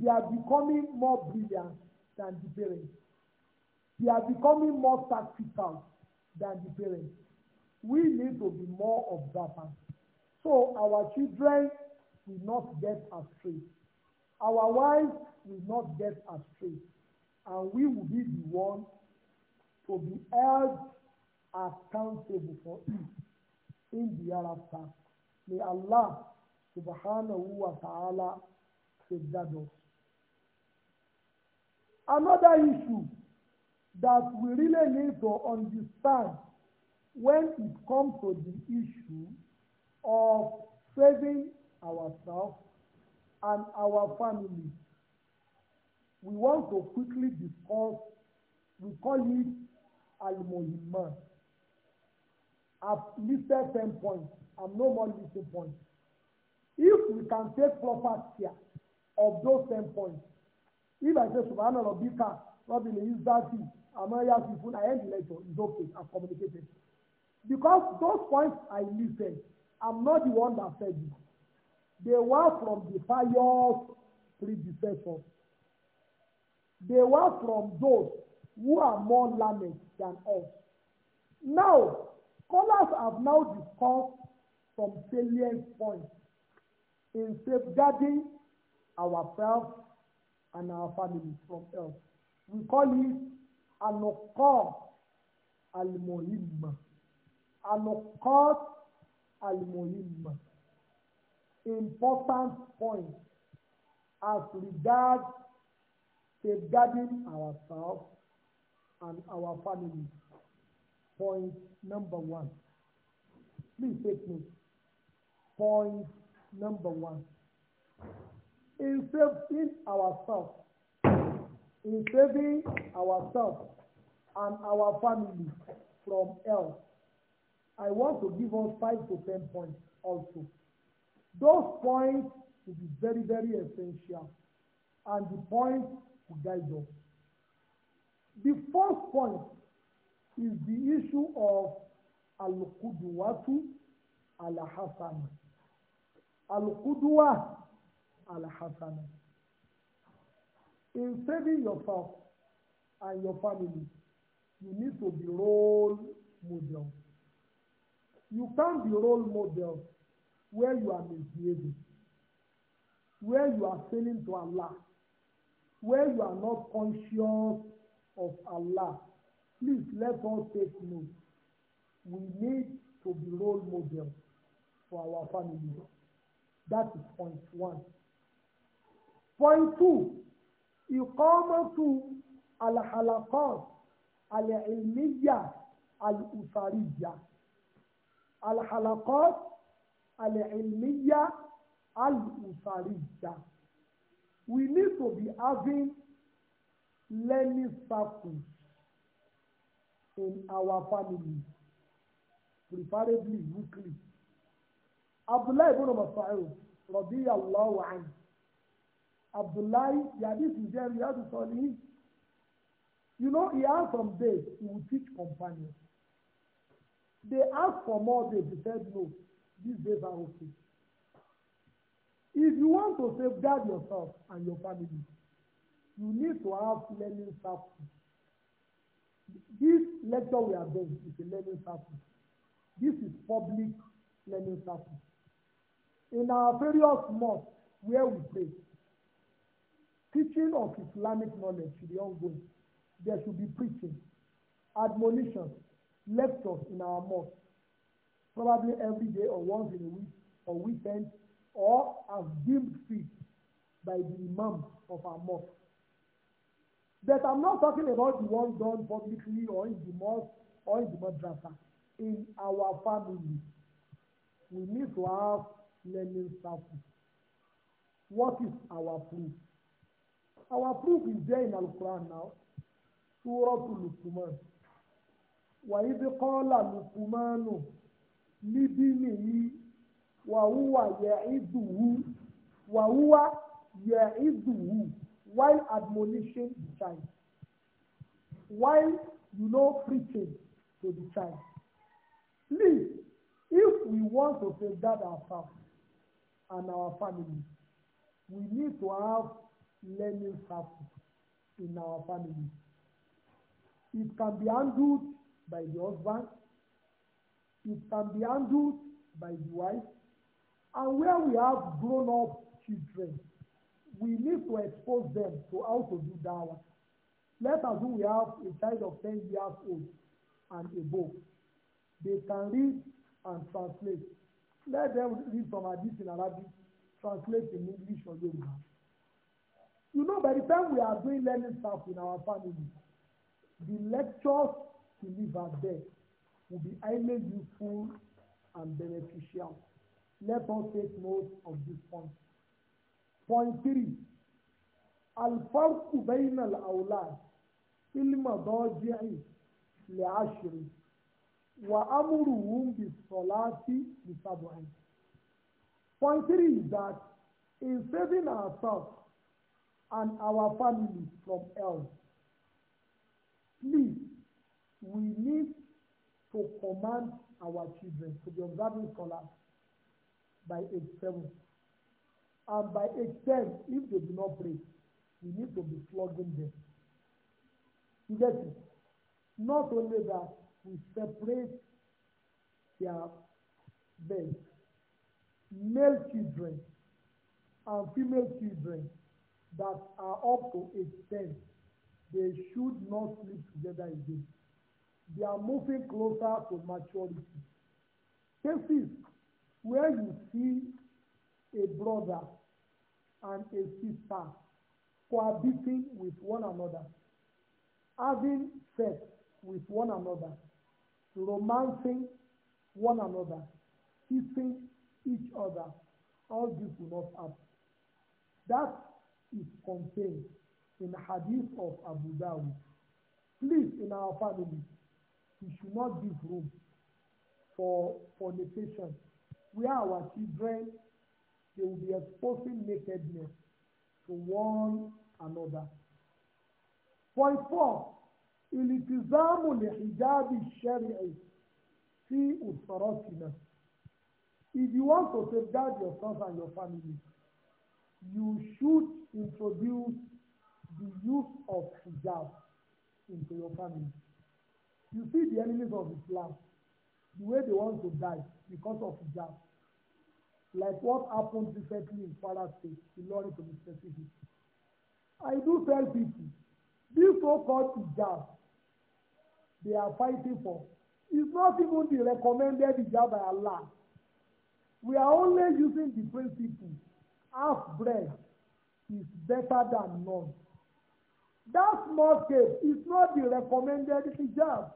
They are becoming more brilliant than the parents. They are becoming more tactical than the parents. We need to be more observant. So our children will not get astray. Our wives will not get astray. And we will be the one to be held accountable for it in the hereafter. May Allah subhanahu wa ta'ala save that us. Another issue that we really need to understand when it comes to the issue of saving ourselves and our families. We want to quickly discuss, we call it Al-Muhimman. I've listed 10 points. I'm no more listing points. If we can take proper care of those 10 points, If I say that thing, Rabbi Izzati, Amaya Sifun, I end the lecture, it's okay, I've communicated. Because those points I listed, I'm not the one that said it. They were from the pious predecessors. They were from those who are more learned than us. Now, scholars have now discussed some salient points in safeguarding ourselves and our family from hell. We call it Anokor Al-Muhimma. Anokor al Important point as regards safeguarding ourselves and our family. Point number one. Please take note. Point number one in saving ourselves in saving ourselves and our family from hell I want to give us five to ten points also those points will be very very essential and the points will guide us the first point is the issue of alukuduwatu alahasana alukuduwa al-hasana. In saving yourself and your family, you need to be role model. You can't be role model where you are misbehaving, where you are failing to Allah, where you are not conscious of Allah. Please let us take note. We need to be role models for our family. That is point one point two ìkọ́mọ́tù alàhàlàkọ́n alẹ́ẹ̀lmíyà alùsàríyà alàhàlàkọ́n alẹ́ẹ̀lmíyà alùsàríyà we need to be having learning circles in our family preferably weekly abdullahi ibn mas'ud radiyallahu anhu. Abdullahi, the hadith is there, you have to study him. You know, he had some days he would teach companions. They asked for more days. He said, no, these days are okay. If you want to safeguard yourself and your family, you need to have learning circle. This lecture we are doing is a learning circle. This is public learning circle. In our various mosques where we pray, Teaching of Islamic knowledge should be ongoing. There should be preaching, admonition, lectures in our mosque, probably every day or once in a week or weekend, or as deemed fit by the imam of our mosque. But I'm not talking about the one done publicly or in the mosque or in the madrasa. In our family, we need to have learning circles. What is our proof? Our proof is there in Al-Quran now. Surah to Luqman. وَإِذْ قَالَ لُقْمَانُ لِبْنِهِ وَهُوَ يَعِظُهُ وَهُوَ يَعِظُهُ while admonishing the child. While, you know, preaching to the child. Please, if we want to safeguard ourselves and our family, we need to have learning happen in our family. It can be handled by the husband. It can be handled by the wife. And where we have grown up children, we need to expose them to how to do that. Let us say we have a child of 10 years old and above. They can read and translate. Let them read some hadith in Arabic, translate in English or Yoruba. You know, by the time we are doing learning stuff in our family, the lectures delivered there will be highly useful and beneficial. Let us take note of this point. Point three. الفرق بين الأولاد في المضاجع لعشر وأمرهم بالصلاة لسبع. Point three is that in saving ourselves and our family from hell. Please, we need to command our children to be observing scholars by age seven. And by age ten, if they do not pray, we need to be flogging them. You get it? Not only that, we separate their beds, male children and female children that are up to age 10, they should not sleep together again. They are moving closer to maturity. Cases where you see a brother and a sister cohabiting with one another, having sex with one another, romancing one another, kissing each other, all this will not happen. That is contained in hadith of Abu Dawud. Please, in our family, we should not give room for fornication where our children they will be exposing nakedness to one another. Point four, ilitizamu lihijabi shari'i fi usarotina. If you want to safeguard yourself and your family, you should introduce the use of hijab into your family. You see the enemies of Islam, the way they want to die because of hijab. Like what happened recently in Kwara State, Ilorin to be specific. I do tell people, this so-called hijab they are fighting for is not even the recommended hijab by Allah. We are only using the principle half bread is better than none. That small cake is not the recommended hijab.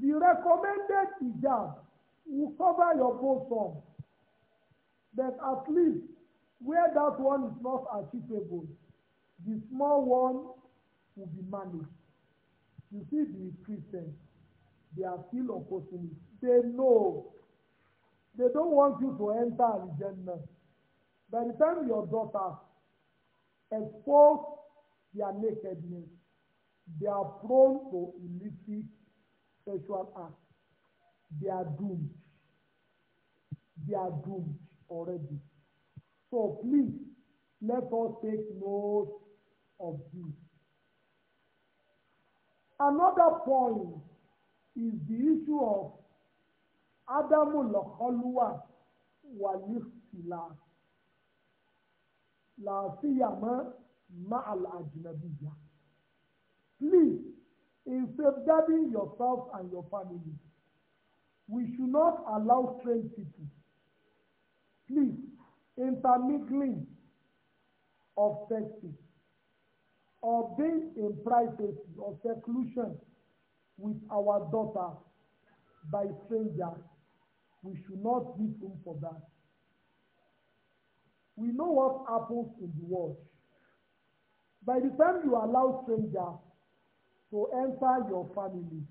The recommended hijab will cover your bosom. But at least where that one is not achievable, the small one will be managed. You see the Christians, they are still opposing it. They know. They don't want you to enter Al-Jannah. By the time your daughter expose their nakedness, they are prone to illicit sexual acts. They are doomed. They are doomed already. So please, let us take note of this. Another point is the issue of Adamu Lokoluwa Walifila làásìyàmọ́ ma'al ajnabiyya. Please, in safeguarding yourself and your family, we should not allow strange people. Please, intermingling of sexes or being in privacy or seclusion with our daughter by strangers, we should not give room for that we know what happens in the world. By the time you allow strangers to enter your family,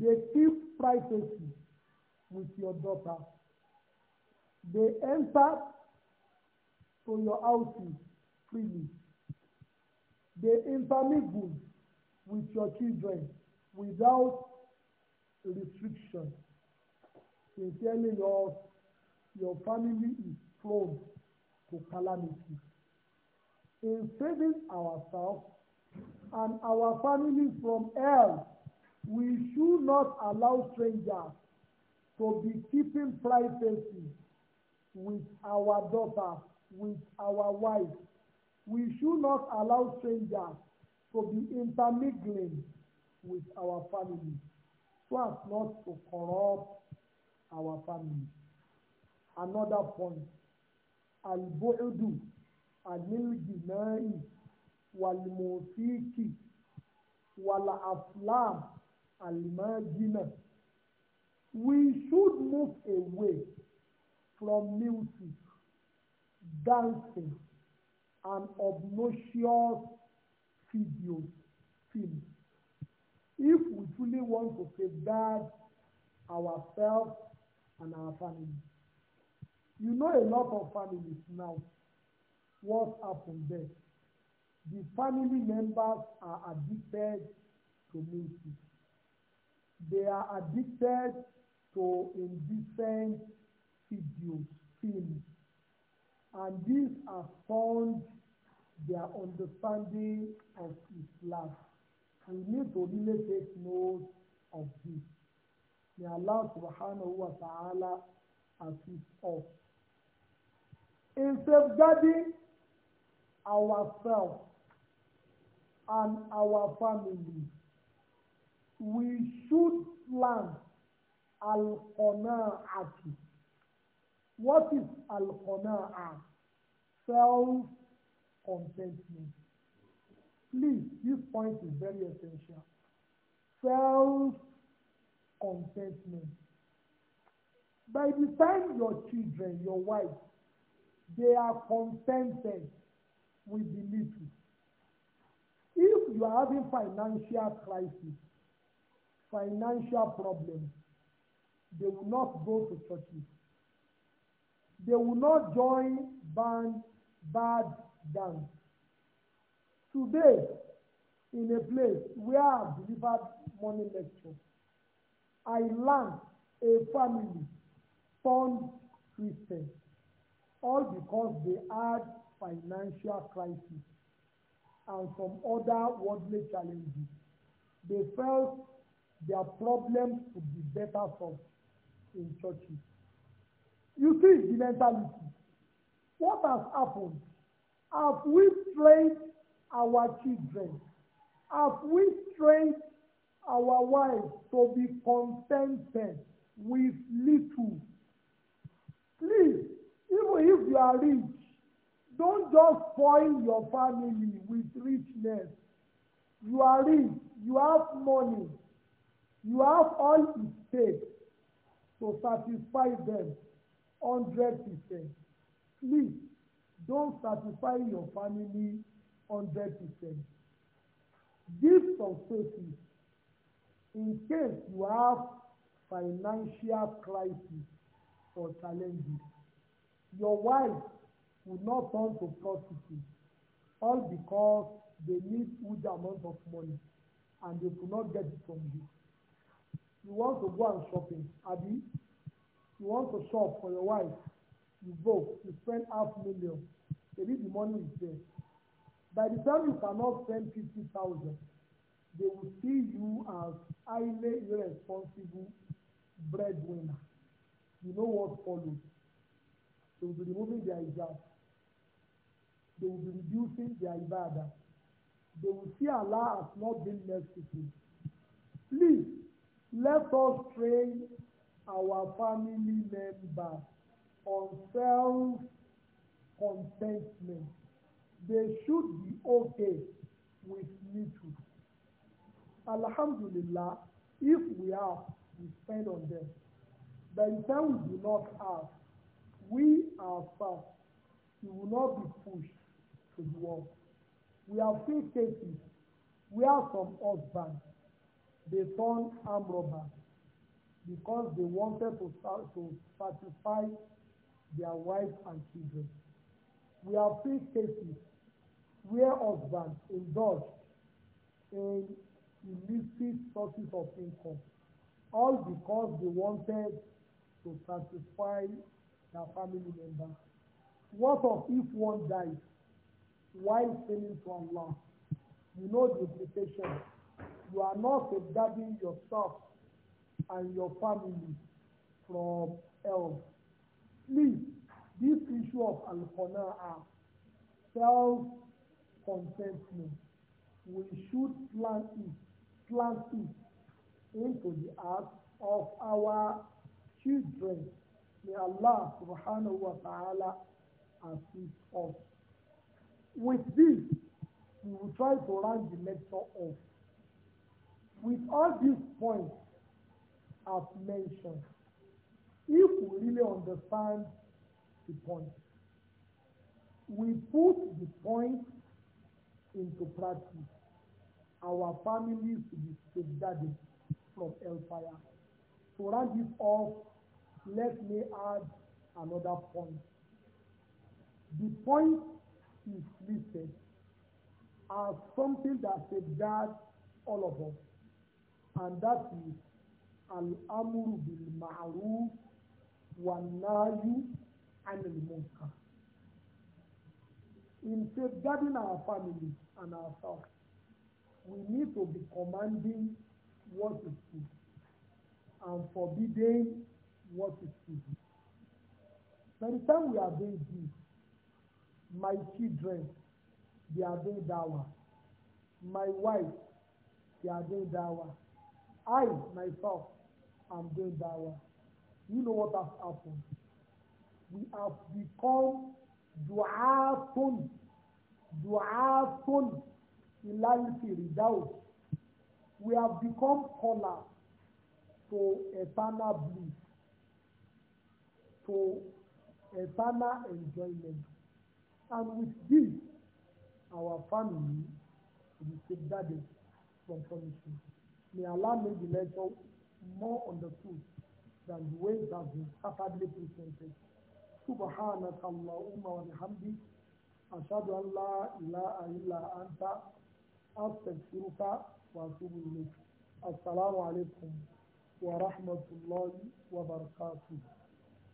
they keep privacy with your daughter. They enter to your houses freely. They intermingle with your children without restriction. Sincerely, your, your family is prone to calamity. In saving ourselves and our families from hell, we should not allow strangers to be keeping privacy with our daughter, with our wife. We should not allow strangers to be intermingling with our family so as not to corrupt our family. Another point albuudu anilginai walmofiki walaflam almagina we should move away from music dancing and obnoxious videos films if we truly want to safeguard ourselves and our families. You know a lot of families now. What happened there? The family members are addicted to music. They are addicted to indecent videos, films. And these have formed their understanding of Islam. We need to really take note of this. May Allah subhanahu wa ta'ala assist us in safeguarding ourselves and our family, we should learn al-qana'ati. What is al-qana'a? Self-contentment. Please, this point is very essential. Self-contentment. By the time your children, your wife, They are contented with the little. If you are having financial crisis, financial problems, they will not go to churches. They will not join band, bad dance. Today, in a place where I delivered morning lecture, I learned a family turned Christian all because they had financial crisis and some other worldly challenges. They felt their problems could be better solved in churches. You see the mentality. What has happened? Have we trained our children? Have we trained our wives to be contented with little? Please, Even if you are rich, don't just spoil your family with richness. You are rich, you have money, you have all it takes to satisfy them percent. Please don't satisfy your family hundred percent. Give some safety in case you have financial crisis or challenges. Your wife will not turn to prostitute all because they need huge amount of money and they could not get it from you. You want to go and shopping, Abi? You want to shop for your wife? You go, you spend half million. Maybe the money is there. By the time you cannot spend fifty thousand, they will see you as highly irresponsible breadwinner. You know what follows? They will be removing their hijab. They will be reducing their ibadah. They will see Allah as not being merciful. Please, let us train our family members on self-contentment. They should be okay with little. Alhamdulillah, if we have, we spend on them. But if time we do not have, we are fast. we will not be pushed to the wall. We have seen cases where some husbands, they turned arm robbers because they wanted to, start, to satisfy their wives and children. We have seen cases where husbands indulged in illicit sources of income, all because they wanted to satisfy their family member. What of if one dies while sinning to Allah? You know the implication. You are not safeguarding yourself and your family from hell. Please, this issue of al-qana'a, self-contentment, we should plant it, plant it into the heart of our children may Allah subhanahu wa ta'ala assist us. With this, we will try to run the lecture off. With all these points as mentioned, if we really understand the point, we put the point into practice, our families will be safeguarded from hellfire. To run this off, let me add another point. The point is listed as something that safeguards all of us, and that is al-amru bil ma'ruf wa nahyu anil munkar. In safeguarding our family and ourselves, we need to be commanding what is good and forbidding what is evil. By the time we are doing this, my children, they are doing dawa. My wife, they are doing dawa. I, myself, am doing dawa. You know what has happened? We have become du'atun, du'atun, ilahi ridaus. We have become color to eternal bliss to eternal enjoyment. And with this, our family will be safeguarded from punishment. May Allah make the lecture more understood than the way it has been scatteredly presented. سبحانك اللهم وبحمدك أشهد أن لا إله إلا أنت أستغفرك وأتوب إليك السلام عليكم ورحمة الله وبركاته